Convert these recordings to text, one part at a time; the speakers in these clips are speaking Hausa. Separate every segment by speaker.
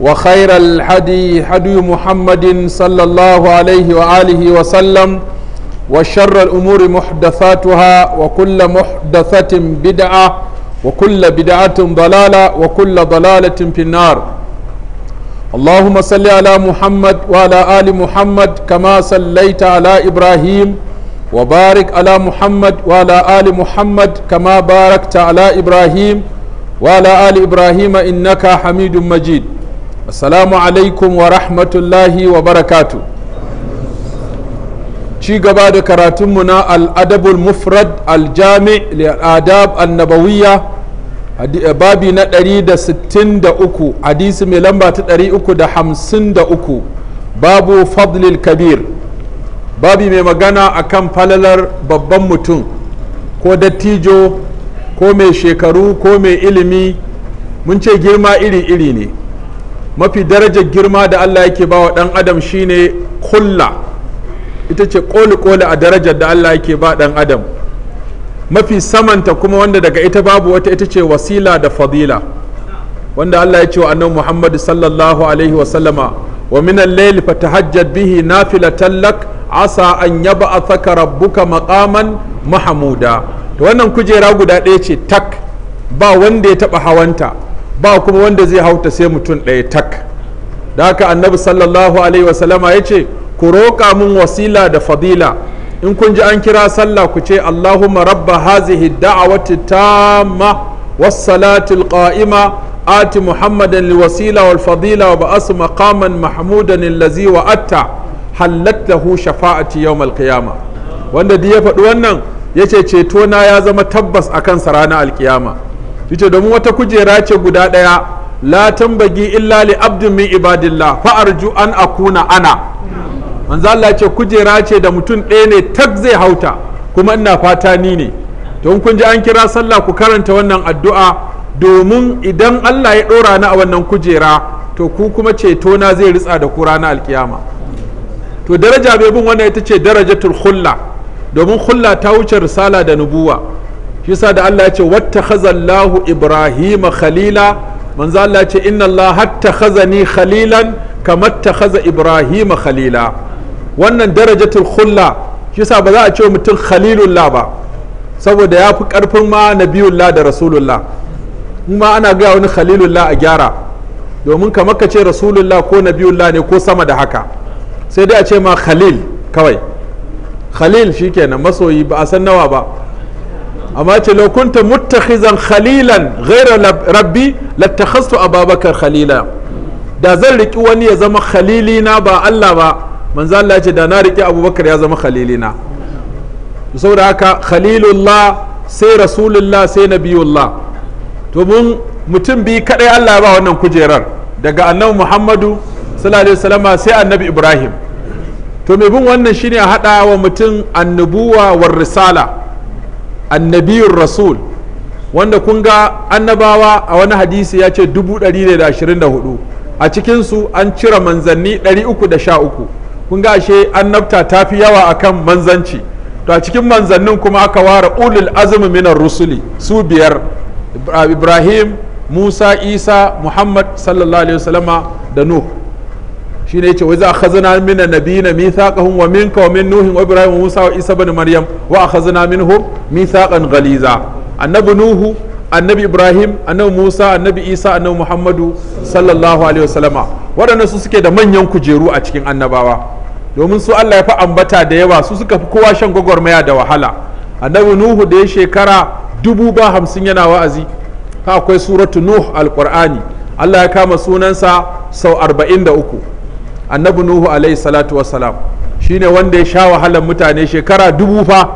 Speaker 1: وخير الحدي حدي محمد صلى الله عليه وآله وسلم وشر الأمور محدثاتها وكل محدثة بدعة وكل بدعة ضلالة وكل ضلالة في النار اللهم صل على محمد وعلى آل محمد كما صليت على إبراهيم وبارك على محمد وعلى آل محمد كما باركت على إبراهيم وعلى آل إبراهيم إنك حميد مجيد assalamu alaikum wa rahmatullahi wa barakatu ci gaba da karatunmu na al'adabul mufrad aljami al'adab annabawiyya eh, babi na 163 hadisi mai lamba ta 353 babu fadlil kabir babi mai magana a kan falalar babban mutum ko dattijo ko mai shekaru ko mai ilimi mun ce girma iri-iri ne mafi darajar girma da Allah yake ba wa ɗan adam shine kulla ita ce koli-koli a darajar da Allah yake ba ɗan adam mafi samanta kuma wanda daga ita babu wata ita ce wasila da fadila wanda Allah ya ce wa annabi Muhammad sallallahu alaihi wasallama wa min al-layli fatahajjad bihi nafilatan lak asa an yab'athaka rabbuka maqaman mahmuda to wannan kujera guda ɗaya ce tak ba wanda ya taba hawanta ba kuma wanda zai hauta sai mutum ɗaya tak da haka annabi sallallahu alaihi wasallama ya ce ku roƙa min wasila da fadila in kun ji an kira sallah ku ce allahumma rabba hazihi da'awati tamma wassalati alqa'ima ati muhammadan wasila wal fadila wa ba'as maqaman mahmudan allazi wa atta hallatlahu shafa'ati yawm alqiyama wanda da ya faɗi wannan yace ceto na ya zama tabbas akan sa ranar alkiyama yace domin wata kujera ce guda ɗaya la tambagi illa li abdin min ibadillah fa arju an akuna ana manzo Allah ce kujera ce da mutum ɗaya ne tak zai hauta kuma ina fata ni ne to kun ji an kira sallah ku karanta wannan addu'a domin idan Allah ya ɗora ni a wannan kujera to ku kuma ceto na zai ritsa da ku ranar alkiyama to daraja bai bin wannan ita ce darajatul khulla domin khulla ta wuce risala da nubuwa shi sa da Allah ya ce wattakhazallahu ibrahima khalila manzo Allah ya ce inna Allah khazani khalilan kama khaza ibrahima khalila wannan darajatul khulla shi sa ba za a ce mutum khalilullah ba saboda ya fi karfin ma nabiyullah da rasulullah ma ana gaya wani khalilullah a gyara domin kama ka ce rasulullah ko nabiyullah ne ko sama da haka sai dai a ce ma khalil kawai khalil shi shikenan masoyi ba a san nawa ba amma ce law kunta muttakhizan khalilan ghayra rabbi lattakhastu ababakar khalila da zan riki wani ya zama khalilina ba Allah ba manzo Allah ce da na riki abubakar ya zama khalilina saboda haka khalilullah sai rasulullah sai nabiyullah to mun mutum biyu kadai Allah ba wannan kujerar daga annabi Muhammadu sallallahu alaihi wasallama sai annabi Ibrahim to me bin wannan shine a hada wa mutum annubuwa war risala annabiyun rasul wanda kun ga annabawa a wani hadisi ya ce 124 a cikinsu an cire manzanni 313 kun ga ashe annabta ta fi yawa akan manzanci to a cikin manzannin kuma aka ware ulul azumi minar rusuli su biyar ibrahim musa isa muhammad sallallahu alaihi wasallama da nuh shi ne ce wai za a khazana min annabiyina mithaqahum wa minka wa min nuhin wa ibrahim wa musa wa isa bani maryam wa a khazana minhum mithaqan ghaliza annabi nuhu annabi ibrahim annabi musa annabi isa annabi muhammadu sallallahu alaihi wasallama waɗanda su suke da manyan kujeru a cikin annabawa domin su allah ya fi ambata da yawa su suka fi kowa shan gwagwarmaya da wahala annabi nuhu da ya shekara dubu ba hamsin yana wa'azi ka akwai suratu nuh alqur'ani allah ya kama sunansa sau arba'in da uku annabi nuhu alaihi salatu wassalam shine wanda ya sha wahalar mutane shekara dubu fa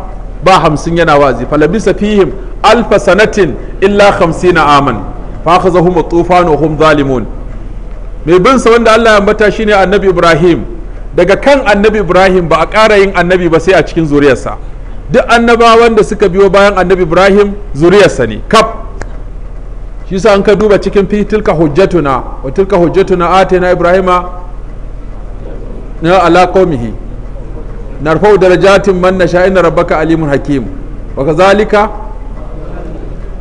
Speaker 1: ba hamsin yana wazi falabisa fihim alfa sanatin illa hamsina aman fa akhazahum hum zalimun mai binsa sa wanda Allah ya ambata shine annabi ibrahim daga kan annabi ibrahim ba a ƙara yin annabi ba sai a cikin zuriyarsa duk annabawan da suka biyo bayan annabi ibrahim zuriyarsa ne kaf shi sa an ka duba cikin fi tilka hujjatuna wa tilka hujjatuna atina ibrahima na alaƙomihi na rufau da rajatin man na sha'in rabaka alimun hakim wa ka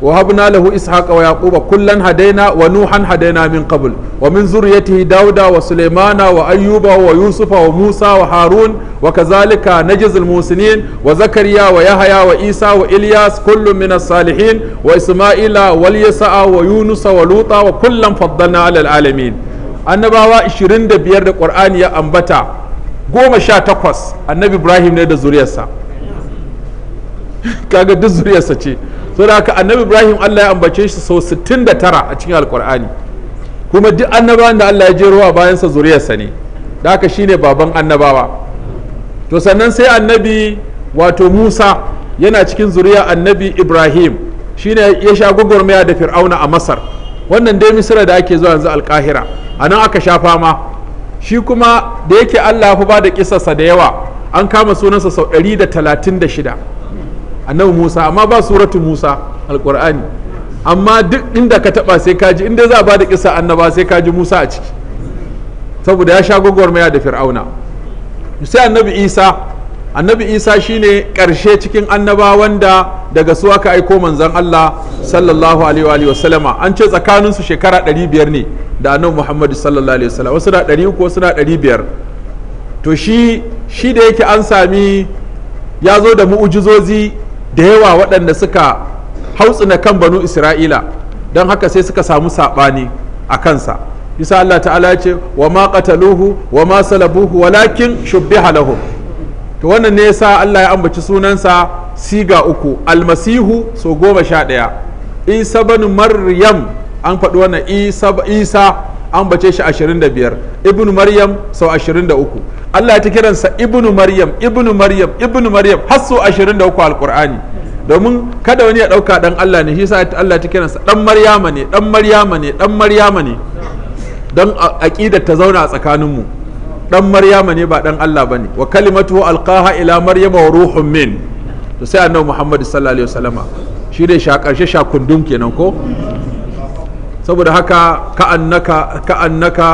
Speaker 1: wa habu na lahu ishaƙa wa yaƙuba kullan hadaina wa nuhan hadaina min qabl wa min zuriyatihi dauda wa sulaimana wa ayyuba wa yusufa wa musa wa harun wa kazalika zalika najizul musinin wa zakariya wa yahaya wa isa wa ilyas kullum min salihin wa isma'ila wal yasa'a wa yunusa wa luta wa kullan faddalna ala alamin annabawa 25 da ƙwar'ani ya ambata goma annabi ibrahim ne da zuriyarsa kaga duk zuriyarsa ce so da haka annabi ibrahim allah ya ambace shi sau 69 a cikin alƙwar'ani kuma duk annabawan da allah ya je a bayansa zuriyarsa ne da haka shine baban annabawa to sannan sai annabi wato musa yana cikin zuriya annabi ibrahim shine ya sha gwagwarmaya da fir'auna a masar wannan dai misira da ake zuwa yanzu alkahira a nan aka sha fama shi kuma da yake allah fi ba da kisarsa da yawa an kama sunansa sau 136 annabi musa amma ba suratu musa alkur'ani amma duk inda ka taba sai ka ji inda za a ba da kisa annaba sai ka ji musa a ciki saboda ya sha gwagwarmaya da fir'auna sai annabi isa annabi isa shine karshe cikin annaba wanda daga su aka aiko manzan allah sallallahu alaihi wa sallama an ce tsakanin su shekara 500 ne da annabi muhammadu sallallahu alaihi sallama wasu na 300 wasu na 500 to shi shi da yake an sami ya zo da mu'ujizozi da yawa waɗanda suka hautsina kan banu isra'ila don haka sai suka samu saɓani a kansa isa allah ta'ala ce wa ma qataluhu wa ma salabuhu walakin shubbiha lahum to wannan ne yasa Allah ya ambaci sunansa siga uku almasihu so goma sha ɗaya isa bani maryam an faɗi wannan isa an bace shi ashirin da biyar ibnu maryam sau ashirin da uku Allah ya ta kiransa ibnu maryam ibnu maryam ibnu maryam har sau ashirin da uku alƙur'ani domin kada wani ya ɗauka ɗan Allah ne shi sa Allah ta kiransa ɗan maryama ne ɗan maryama ne ɗan maryama ne don aƙidar ta zauna a tsakaninmu dan maryama ne ba dan Allah bane wa kalimatu alqaha ila maryama wa ruhun min to sai annabi Muhammad sallallahu alaihi wasallama shi ne sha karshe sha kundum kenan ko saboda haka ka annaka ka annaka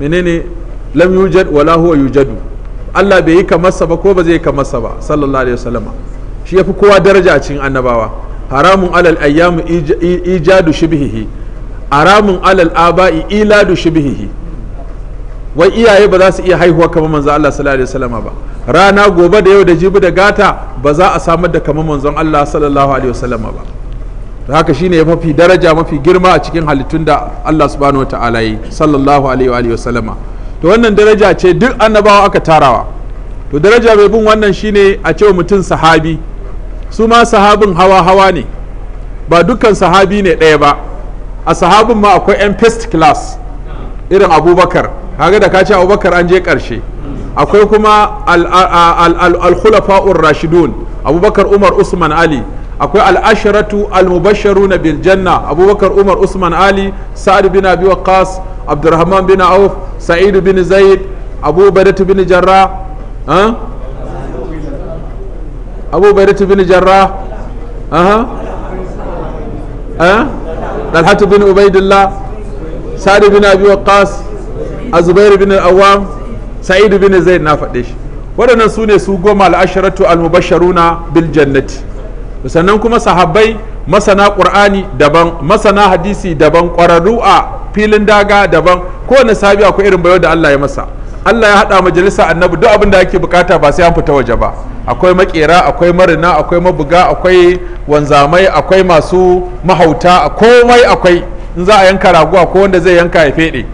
Speaker 1: menene lam yujad wala huwa yujadu Allah bai yi kamarsa ba ko ba zai yi kamarsa ba sallallahu alaihi wasallama shi yafi kowa daraja a cikin annabawa haramun alal ayyamu ijadu shibhihi haramun alal aba'i iladu shibhihi wai iyaye ba za su iya haihuwa kamar manzo Allah sallallahu alaihi wasallama ba rana gobe da yau da jibi da gata ba za a samar da kamar manzo Allah sallallahu alaihi wasallama ba to haka shine ya mafi daraja mafi girma a cikin halittun da Allah subhanahu wataala yi sallallahu alaihi wa to wannan daraja ce duk annabawa aka tarawa to daraja mai bin wannan shine a wa mutum sahabi su ma sahabin hawa hawa ne ba dukkan sahabi ne ɗaya ba a sahabin ma akwai 'yan first class irin abubakar kaga da ka ce abubakar an je karshe akwai kuma al-khulafa'ur rashidun abubakar umar usman ali akwai al'asharatu al-mubasharu na biljanna abubakar umar usman ali sa'ad bin abi waqas abdurrahman bin auf sa'idu bin zaid abu badatu bin jarra abu badatu bin jarra dalhatu bin ubaidillah sa'ad bin abi waqas a zubairu bin awam sa'idu bin zai na faɗe shi waɗannan su ne su goma al'asharatu al-mubasharuna bil jannati sannan kuma sahabbai masana ƙur'ani daban masana hadisi daban ƙwararru a filin daga daban kowane sabi akwai irin bayo da Allah ya masa Allah ya haɗa majalisa annabi duk abin da ake bukata ba sai an fita waje ba akwai makera akwai marina akwai mabuga akwai wanzamai akwai masu mahauta komai akwai in za a yanka raguwa ko wanda zai yanka ya feɗe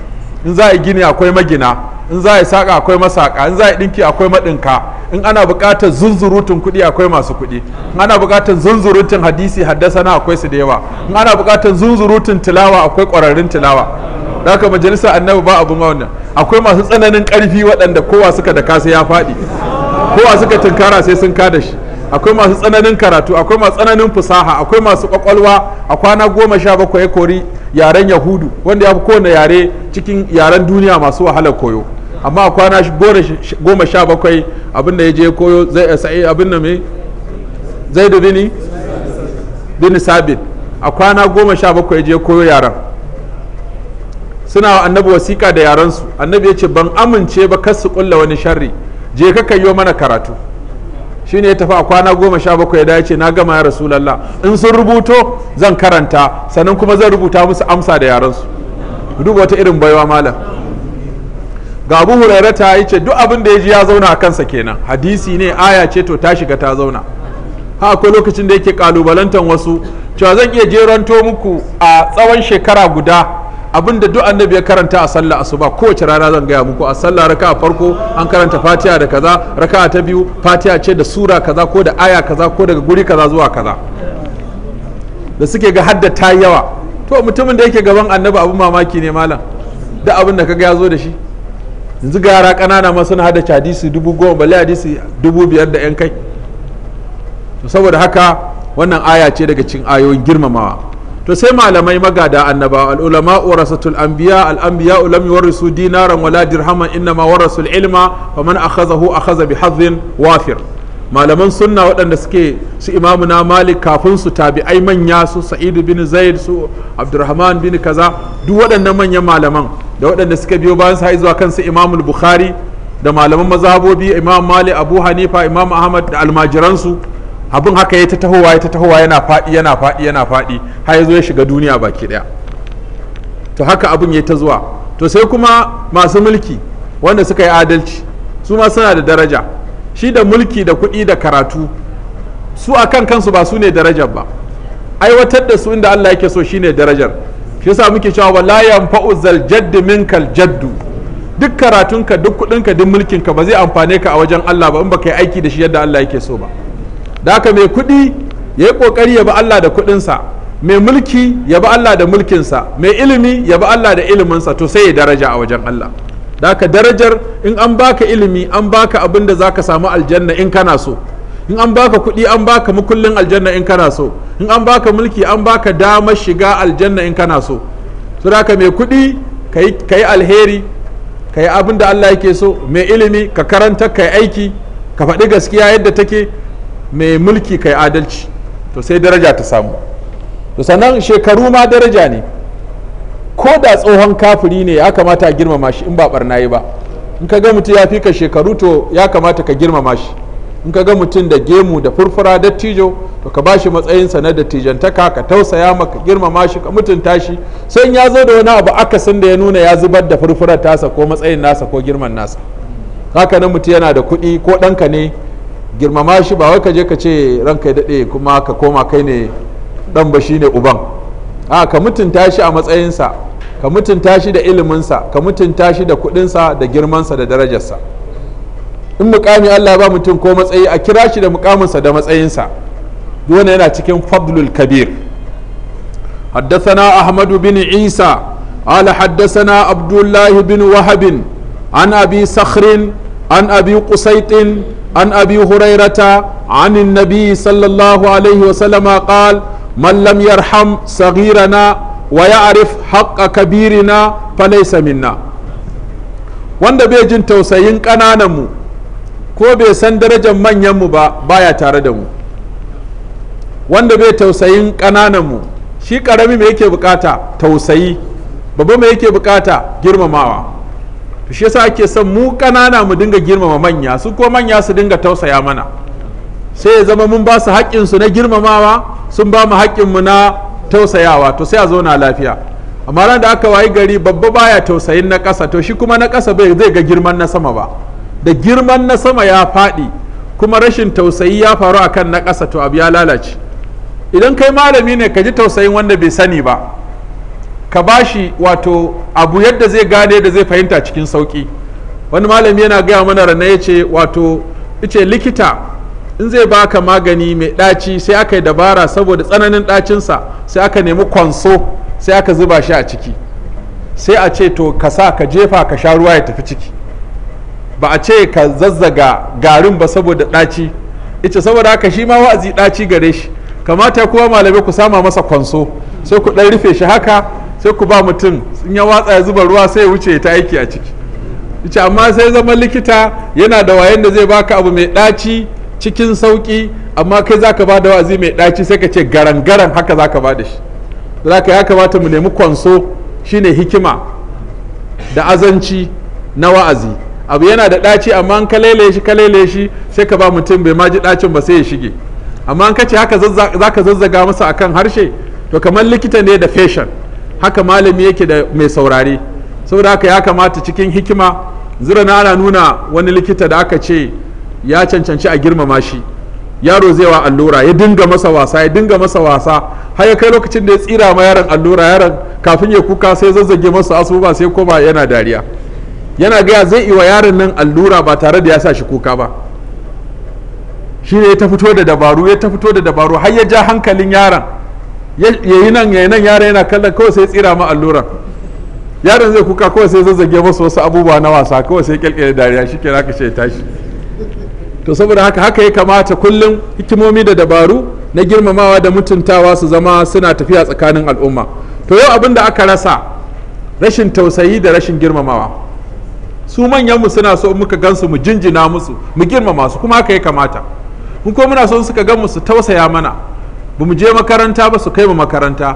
Speaker 1: in za a yi gini akwai magina in za a yi saƙa akwai masaƙa in za a yi ɗinki akwai maɗinka in ana buƙatar zunzurutun kuɗi akwai masu kuɗi in ana buƙatar zunzurutun hadisi haddasana akwai su da yawa in ana buƙatar zunzurutun tilawa akwai ƙwararrun tilawa da haka majalisar annabi ba abin wannan akwai masu tsananin ƙarfi waɗanda kowa suka da kasa ya faɗi kowa suka tunkara sai sun kada shi akwai masu tsananin karatu akwai masu tsananin fusaha akwai masu ƙwaƙwalwa a kwana goma sha bakwai kori yaren yahudu wanda ya fi kowane yare cikin yaren duniya masu wahalar koyo amma a kwana goma sha bakwai abinda ya je koyo zai eh, sa'i abinda mai zai da bini bini sabit a kwana goma sha bakwai je koyo yaren suna annabi wasiƙa da yarensu annabi ya ce ban amince ba kasu ƙulla kulla wani sharri je ka kayo mana karatu shine ya tafi a kwana goma sha bakwai da ya ce na gama ya rasu lalla in sun rubuto zan karanta sannan kuma zan rubuta musu amsa da yaransu duba wata irin baiwa malam ga abu huraira ta yi ce duk abin da ya ji ya zauna a kansa kenan hadisi ne aya ce to ta shiga ta zauna ha akwai lokacin da yake kalubalantan wasu cewa zan iya jeranto muku a tsawon shekara guda Abin da duk annabi ya karanta a sallah asuba kowace rana zan gaya muku a sallah raka a farko an karanta fatiha da kaza raka ta biyu fatiha ce da sura kaza ko da aya kaza ko daga guri kaza zuwa kaza da suke ga hadda ta yawa to mutumin da yake gaban annabi abin mamaki ne malam da abin da kaga ya zo da shi yanzu ga yara kanana ma suna hada hadisi dubu goma bale hadisi dubu biyar da yan kai saboda haka wannan aya ce daga cikin ayoyin girmamawa to sai malamai magada annaba al ulama warasatul anbiya al anbiya lam dinaran wala dirhaman ma warasul ilma fa man akhazahu akhaza bi hadhin wafir malaman sunna waɗanda suke su imamu na malik kafin su tabi'ai manya su sa'idu bin zaid su abdurrahman bin kaza duk waɗannan manyan malaman da waɗanda suke biyo bayan sa zuwa kansu imamu bukhari da malaman mazhabobi imam malik abu hanifa imam ahmad da almajiransu abin haka ya ta tahowa ya ta tahowa yana faɗi yana faɗi yana faɗi har ya zo ya shiga duniya baki ɗaya to haka abin ya ta zuwa to sai kuma masu mulki wanda suka yi adalci su ma suna da daraja shi da mulki da kuɗi da karatu su a kan kansu ba su ne darajar ba aiwatar da su inda Allah yake so shi ne darajar shi yasa muke cewa wala fa'uzal zal jaddu minkal jaddu duk karatunka duk kuɗinka duk mulkinka ba zai amfane ka a wajen Allah ba in baka yi aiki da shi yadda Allah yake so ba da haka mai kuɗi ya yi ƙoƙari ya bi Allah da kuɗinsa mai mulki ya bi Allah da mulkinsa mai ilimi ya bi Allah da iliminsa to sai ya daraja a wajen Allah da haka darajar in an baka ilimi an baka abin da zaka samu aljanna in kana so in an baka kuɗi an baka mukullin aljanna in kana so in an baka mulki an baka dama shiga aljanna in kana so su da mai kuɗi ka yi alheri ka yi abin da Allah yake so mai ilimi ka karanta ka yi aiki ka faɗi gaskiya yadda take mai mulki kai adalci to sai daraja ta samu to sannan shekaru ma daraja ne ko da tsohon kafiri ne ya kamata a girmama shi in ba barna yi ba in ka ga mutum ya fi ka shekaru to ya kamata ka girmama shi in ka ga mutum da gemu da furfura dattijo to ka bashi matsayinsa na dattijantaka ka tausaya maka girmama shi ka mutunta shi sai in ya zo da wani abu akasin da ya nuna ya zubar da furfurar tasa ko matsayin nasa ko girman nasa haka nan mutum yana da kuɗi ko ɗanka ne girmama shi ba wai ka je ka ce ranka ya daɗe kuma ka koma kai ne ɗan ba shi ne uban a ka mutunta shi a matsayinsa ka mutunta shi da iliminsa ka mutunta shi da kuɗinsa da girmansa da darajarsa in mukami Allah ba mutum ko matsayi a kira shi da mukaminsa da matsayinsa dole yana cikin fadlul kabir haddasana أحمد bin عيسى قال حدثنا عبد الله بن وهب عن أبي صخر عن أبي عن أبي هريرة عن النبي صلى الله عليه وسلم قال من لم يرحم صغيرنا ويعرف حق كبيرنا فليس منا wanda bai jin tausayin ƙanananmu ko bai san darajar manyanmu ba baya tare da mu wanda bai tausayin ƙanananmu shi ƙarami mai yake bukata tausayi babba mai yake bukata girmamawa to shi yasa ake son mu ƙanana mu dinga girmama manya su ko manya su dinga tausaya mana sai ya zama mun ba su haƙƙin su na girmamawa sun ba mu haƙƙin mu na tausayawa to sai a zauna lafiya amma ran da aka wayi gari babba baya tausayin na ƙasa to shi kuma na ƙasa bai zai ga girman na sama ba da girman na sama ya faɗi kuma rashin tausayi ya faru akan na ƙasa to abu ya lalace idan kai malami ne ka ji tausayin wanda bai sani ba ka ba shi wato abu yadda zai gane da zai fahimta cikin sauki wani malami yana gaya mana rana ya ce wato ice likita in zai baka magani mai ɗaci sai aka yi dabara saboda tsananin ɗacinsa sai aka nemi kwanso sai aka zuba shi a ciki sai a ce to ka sa ka jefa ka sha ruwa ya tafi ciki ba a ce ka zazzaga garin ba saboda ɗaci ice saboda haka shi ma wa'azi ɗaci gare shi kamata kuma malamai ku sama masa kwanso sai ku ɗan rufe shi haka sai ku ba mutum in ya watsa ya zuba ruwa sai ya wuce ta aiki a ciki ita amma sai zama likita yana da wayan da zai baka abu mai ɗaci cikin sauki amma kai za ka ba da wazi mai ɗaci sai ka ce garan-garan haka za ka ba da shi za ka ya kamata mu nemi kwanso shine hikima da azanci na wa'azi abu yana da ɗaci amma an kalele shi kalele shi sai ka ba mutum bai maji ji ɗacin ba sai ya shige amma an kace haka za ka zazzaga masa akan harshe to kamar likita ne da fashion haka malami yake da mai saurare saboda haka ya kamata cikin hikima zira na ana nuna wani likita da aka ce ya cancanci a girmama shi yaro zai wa allura ya dinga masa wasa ya dinga masa wasa har ya kai lokacin da ya tsira ma yaron allura yaron kafin ya kuka sai zazzage masa asuba sai koma yana dariya yana gaya zai iwa yaron nan allura ba tare da ya sa shi kuka ba shi ne ya ta fito da dabaru ya ta fito da dabaru har ya ja hankalin yaron ya yi nan yi nan yaro yana kallon kawai sai tsira ma alluran yaron zai kuka kawai sai zazzage masa wasu abubuwa na wasa kawai sai kyalkyale dariya shi ke aka ce tashi to saboda haka haka ya kamata kullum hikimomi da dabaru na girmamawa da mutuntawa su zama suna tafiya tsakanin al'umma to yau abin da aka rasa rashin tausayi da rashin girmamawa su manyanmu suna so muka gansu mu jinjina musu mu girmama su kuma haka ya kamata in ko muna son suka gan mu su tausaya mana ba mu je makaranta ba su kai mu makaranta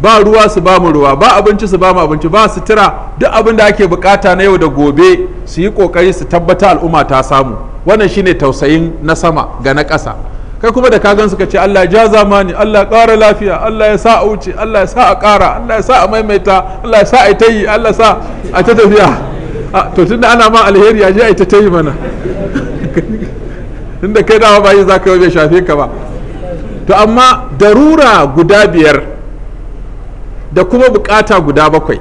Speaker 1: ba ruwa su ba mu ruwa ba abinci su ba mu abinci ba su tira duk abin da ake bukata na yau da gobe su yi kokari su tabbata al'umma ta samu wannan shine tausayin na sama ga na ƙasa kai kuma da ka kagan suka ce Allah ja zamani Allah ƙara lafiya Allah ya sa a wuce Allah ya sa a ƙara Allah ya sa a maimaita Allah ya sa a ta yi Allah sa a ta tafiya to tunda ana ma alheri ya je a ta yi mana tunda kai dawa ba yi za ka yi bai shafe ka ba to amma darura guda biyar da kuma bukata guda bakwai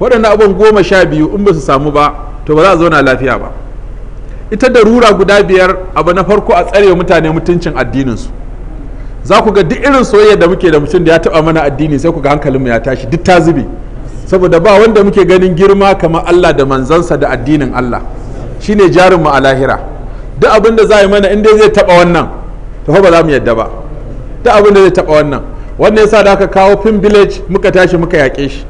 Speaker 1: waɗannan abin goma sha biyu in ba su samu ba to ba za a zauna lafiya ba ita darura guda biyar abu na farko a tsarewa mutane mutuncin addininsu za ku ga duk irin soyayya da muke da mutum da ya taɓa mana addini sai ku ga hankalinmu ya tashi duk ta zube saboda ba wanda muke ganin girma kamar Allah da manzansa da addinin Allah shine jarinmu a lahira duk abin da za yi mana inda zai taɓa wannan to fa ba za mu yadda ba ta abin da zai taba wannan wannan yasa da aka kawo fin village muka tashi muka yaƙe shi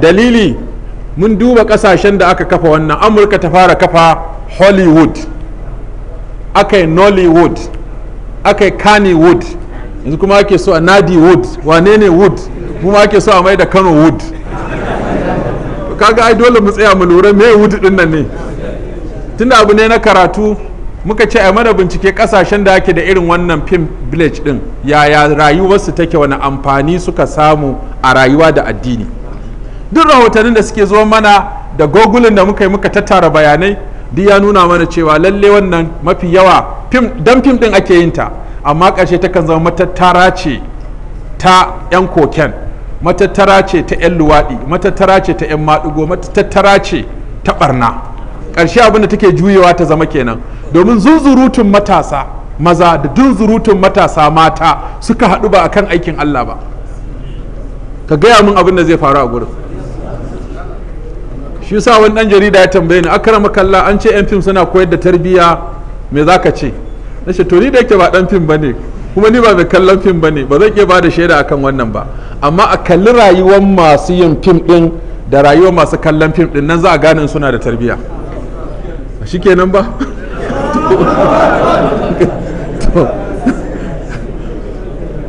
Speaker 1: dalili mun duba kasashen da aka kafa wannan amurka ta fara kafa hollywood aka yi nollywood aka yi kannywood yanzu kuma ake so a nadi wood wane ne wood kuma ake so a mai da kano wood kaga ai dole mu tsaya mu lura me wood din nan ne tunda abu ne na karatu muka ce a mana bincike kasashen da ake da irin wannan pin village din yaya rayuwarsu take wani amfani suka samu a rayuwa da addini duk rahotannin da suke zo mana da google da muka yi muka tattara bayanai duk ya nuna mana cewa lalle wannan mafi yawa dan fim din ake yin ta amma ƙarshe ta kan zama matattara ce ta 'yan koken matattara ce ta 'yan luwaɗi matattara ce ta 'yan maɗigo matattara ce ta ɓarna ƙarshe abin da take juyewa ta zama kenan domin zunzurutun matasa maza da zunzurutun matasa mata suka haɗu ba akan aikin Allah ba ka gaya min abin da zai faru a gurin shi sa wani ɗan jarida ya tambaye ni akrama kalla an ce yan fim suna koyar da tarbiyya me za ka ce na ce to ni da yake ba ɗan fim ba ne kuma ni ba mai kallon fim ba ne ba zan iya ba da shaida akan wannan ba amma a kalli rayuwar masu yin fim ɗin da rayuwar masu kallon fim ɗin nan za a gane suna da tarbiyya shi ba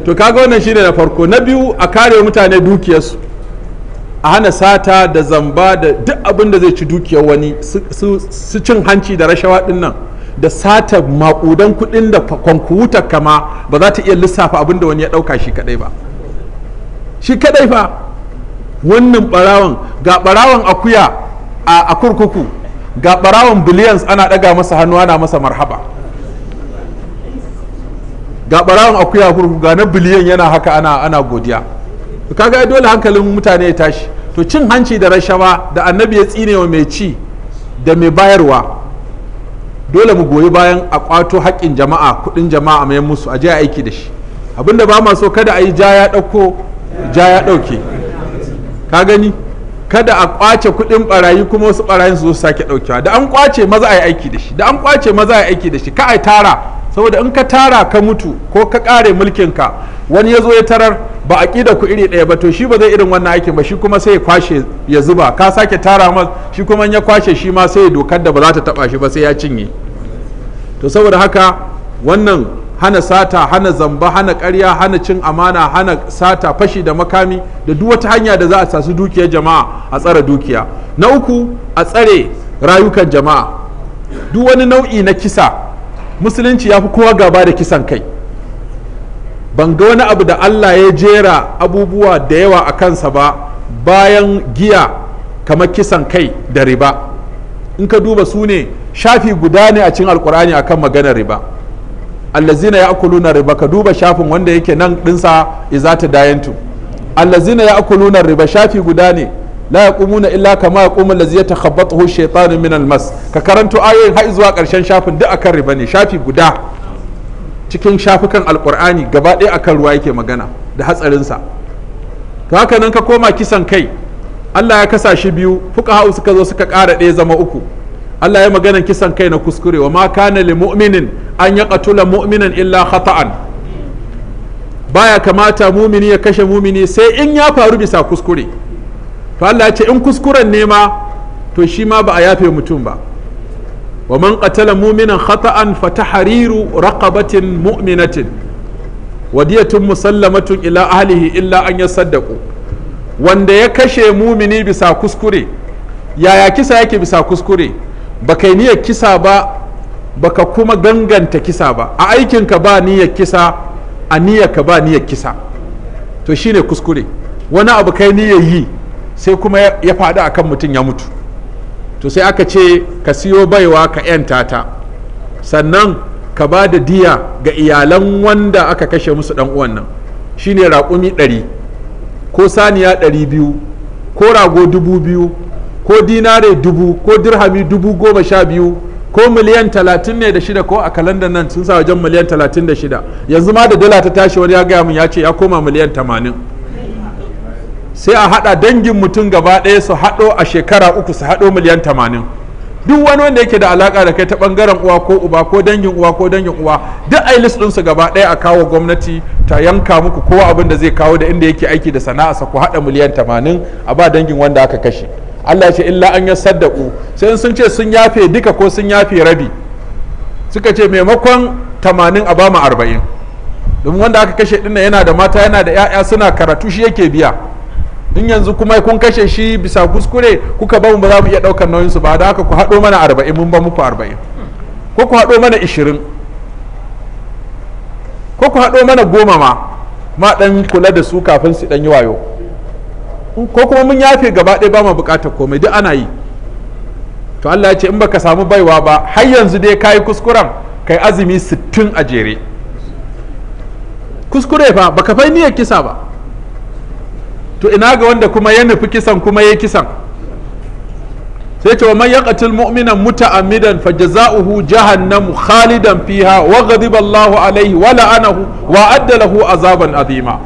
Speaker 1: to kaga wannan shine na farko na biyu a kare mutane dukiyarsu a hana sata da zamba da duk abin da zai ci dukiyar wani su cin hanci da rashawa din nan da sata makudan kudin da kwankwuta kama ba za ta iya lissafa abin da wani ya dauka shi kadai ba shi kadai fa wannan barawan ga barawan akuya a kurkuku ga biliyans billions ana ɗaga masa hannu ana masa marhaba ga akuya kurkuku ga na biliyan yana haka ana ana godiya kaga dole hankalin mutane ya tashi to cin hanci da rashawa da annabi ya tsine wa mai ci da mai bayarwa dole mu goyi bayan a kwato haƙƙin jama'a kuɗin jama'a mai musu a je aiki da shi abinda ba ma so kada a yi ja ya ɗauko ja ɗauke ka gani kada a kwace kuɗin barayi kuma wasu barayin su sake ɗaukewa da an kwace maza a yi aiki da shi da an kwace maza a yi aiki da shi ka a tara saboda in ka tara ka mutu ko ka kare mulkin ka wani ya zo ya tarar ba a ƙida ku iri daya ba to shi ba zai irin wannan aikin ba shi kuma sai ya kwashe ya zuba ka sake tara mas shi kuma ya kwashe shi ma sai ya dokar da ba za ta taɓa shi ba sai ya cinye to saboda haka wannan hana sata hana zamba hana karya hana cin amana hana sata fashi da makami da duk wata hanya da za a sasu dukiyar jama'a a tsare dukiya na uku a tsare rayukan jama'a duk wani nau'i na kisa musulunci ya fi kowa gaba da kisan kai ban ga wani abu da allah ya jera abubuwa da yawa a kansa ba bayan giya kamar kisan kai da riba in ka duba su ne shafi guda ne a cin alkur'ani akan maganar riba allazina ya'kuluna riba ka duba shafin wanda yake nan dinsa izata dayantu allazina ya'kuluna riba shafi guda ne la yaqumuna illa kama yaqumu allazi yatakhabbathu shaytanu min almas ka karanto ayoyin har zuwa karshen shafin duk akan riba ne shafi guda cikin shafukan alqur'ani gaba ɗaya akan ruwa yake magana da hatsarinsa to haka nan ka koma kisan kai Allah ya kasa shi biyu hau suka zo suka ƙara ɗaya zama uku Allah ya maganan kisan kai na kuskure wa ma kana lil mu'minin an ya ƙatula mu'minan illa khata'an baya kamata mumini ya kashe mumini sai in ya faru bisa kuskure to Allah ya ce in kuskuren ne ma to shi ma ba a yafe mutum ba wa man qatala mu'minan khata'an fa tahriru raqabatin mu'minatin wadiyatun musallamatun ila ahlihi illa an yasaddaqu wanda ya kashe mumini bisa kuskure yaya kisa yake bisa kuskure ba kai niyyar kisa ba baka kuma ganganta kisa ba a aikinka ba niyyar kisa a niyyarka ba niyyar kisa to shine kuskure wani abu kai niyyar yi sai kuma ya faɗi akan mutum ya mutu to sai aka ce ka siyo baiwa ka 'yanta ta sannan ka ba da diya ga iyalan wanda aka kashe musu dan uwan nan shine raƙumi ɗari ko saniya ɗari biyu ko rago dubu biyu ko dinare dubu ko dirhami dubu goma sha biyu ko miliyan talatin ne da shida ko a kalandar nan sun sa wajen miliyan talatin da shida yanzu ma da dala ta tashi wani ya gaya min ya ce ya koma miliyan tamanin sai a haɗa dangin mutum gaba ɗaya su haɗo a shekara uku su haɗo miliyan tamanin duk wani wanda yake da alaka da kai ta bangaren uwa ko uba ko dangin uwa ko dangin uwa duk ai list su gaba ɗaya a kawo gwamnati ta yanka muku kowa abin da zai kawo da inda yake aiki da sana'a sa ku haɗa miliyan tamanin a ba dangin wanda aka kashe Allah ce illa an yasaddaku sai sun ce sun yafe duka ko sun yafe rabi suka ce maimakon tamanin a bama arba'in domin wanda aka kashe dinnan yana da mata yana da 'ya'ya suna karatu shi yake biya in yanzu kuma kun kashe shi bisa kuskure kuka ba mu ba za mu iya ɗaukar nauyinsu ba da haka ku haɗo mana arba'in mun ba muku arba'in ko ku haɗo mana ishirin ko ku haɗo mana goma ma ma ɗan kula da su kafin su ɗan yi wayo ko kuma mun yafe gaba ɗaya ba mu buƙatar komai duk ana yi to Allah ya ce in baka samu baiwa ba har yanzu dai kayi kuskuren kai azumi sittin a jere kuskure fa baka fai niyyar kisa ba to ina ga wanda kuma ya nufi kisan kuma ya kisan sai ce wa man yaqtul mu'mina muta'ammidan fajza'uhu jahannam khalidan fiha wa ghadiba Allahu alaihi wa la'anahu wa adda lahu azaban azima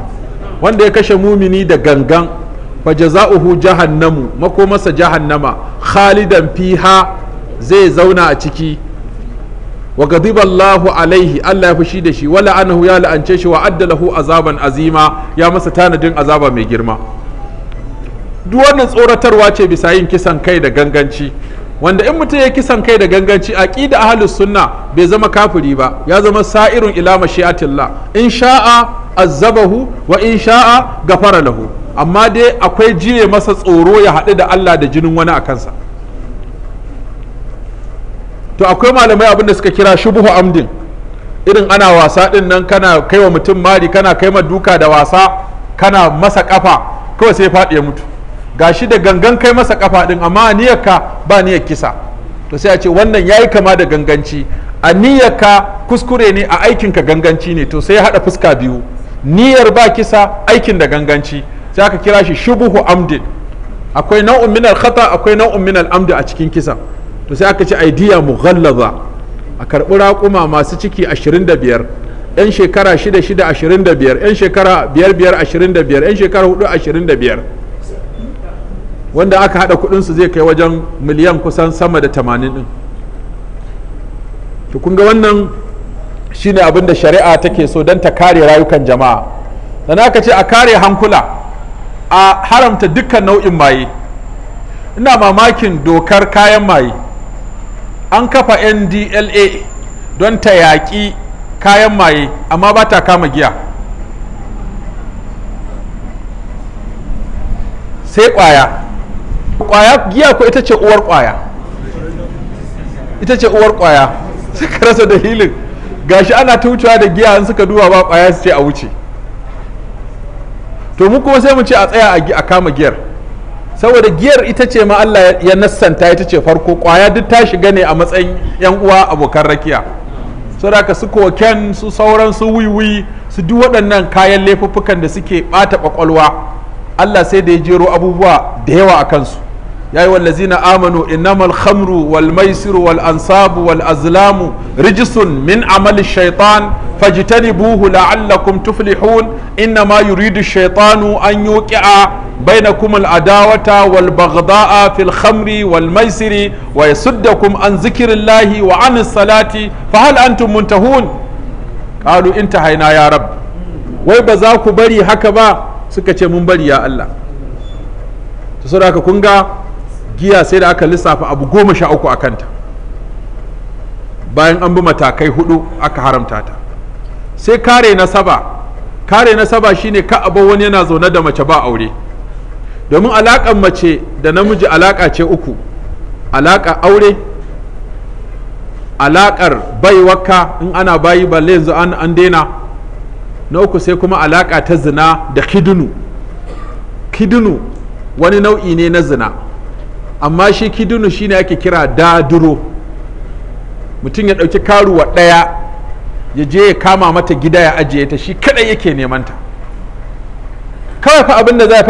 Speaker 1: wanda ya kashe mumini da gangan fa jaza'uhu jahannamu makomarsa jahannama khalidan fiha zai zauna a ciki wa gadiballahu alaihi Allah ya fushi da shi wala anhu ya la'ance shi wa addalahu azaban azima ya masa tanadin azaba mai girma duk wannan tsoratarwa ce bisa yin kisan kai da ganganci wanda in mutum ya kisan kai da ganganci aqida ahlus sunna bai zama kafiri ba ya zama sa'irun ila mashi'atillah in sha'a azzabahu wa in sha'a gafara lahu amma dai akwai jiye masa tsoro ya haɗu da Allah da jinin wani a kansa to akwai malamai abin da suka kira shubuhu amdin irin ana wasa ɗin nan kana kaiwa mutum mari kana kai ma duka da wasa kana masa kafa kawai sai faɗi ya mutu gashi da gangan kai masa kafa ɗin amma a niyyarka ba niyyar kisa to sai a ce wannan yayi kama da ganganci a niyyarka kuskure ne a aikinka ganganci ne to sai ya haɗa fuska biyu niyyar ba kisa aikin da ganganci sai aka kira shi shubuhu amdin akwai nau'in minal khata akwai nau'in minal amdi a cikin kisan to sai aka ce aidiya mughallaza a karbi raƙuma masu ciki 25 'yan shekara 6-6-25 'yan shekara 5-5-25 'yan shekara 4-25 wanda aka hada kudin su zai kai wajen miliyan kusan sama da 80 to kun ga wannan shine abin da shari'a take so don ta kare rayukan jama'a sannan aka ce a kare hankula a haramta dukkan nau'in maye ina mamakin dokar kayan maye an kafa ndla don ta yaƙi kayan maye amma ba ta kama giya sai ƙwaya ƙwaya giya ko ita ce uwar ƙwaya ita ce uwar ƙwaya suka rasa dalilin gashi ana ta wucewa da giya an suka duba ba ƙwaya su ce a wuce to mu kuma sai mu ce a tsaya a kama giyar saboda giyar ita ce ma Allah ya nassanta ita ce farko kwaya duk ta shiga ne a matsayin yan uwa abokan rakiya saboda su koken su sauran su wiwi su duk waɗannan kayan laifuffukan da suke ɓata ƙwaƙwalwa Allah sai da ya jero abubuwa da yawa a kansu ya yi na amanu innamal khamru wal maisiru wal ansabu wal azlamu rijisun min amali shaitan فاجتنبوه لعلكم تفلحون إنما يريد الشيطان أن يوقع بينكم العداوة والبغضاء في الخمر والميسر ويصدكم عن ذكر الله وعن الصلاة فهل أنتم منتهون قالوا انتهينا يا رب ويبزاك بري هكذا سكتي من بري يا الله تصدق كنغا giya sai da aka lissafa abu goma sha uku a kanta bayan an bi matakai hudu aka haramta ta sai kare nasaba kare nasaba shine ka abo wani yana zaune da mace ba aure domin alaƙar mace da namiji alaƙa ce uku alaƙa aure alaƙar baiwaka in ana bayi ba yanzu an, an daina na uku sai kuma alaƙa ta zina da kidunu kidunu wani nau'i ne na zina amma shi kidunu shine ake kira daduro mutum ya ɗauki karuwa ɗaya ya je ya kama mata gida ya ajiye ta shi kadai yake neman ta kawai fa abin da za fa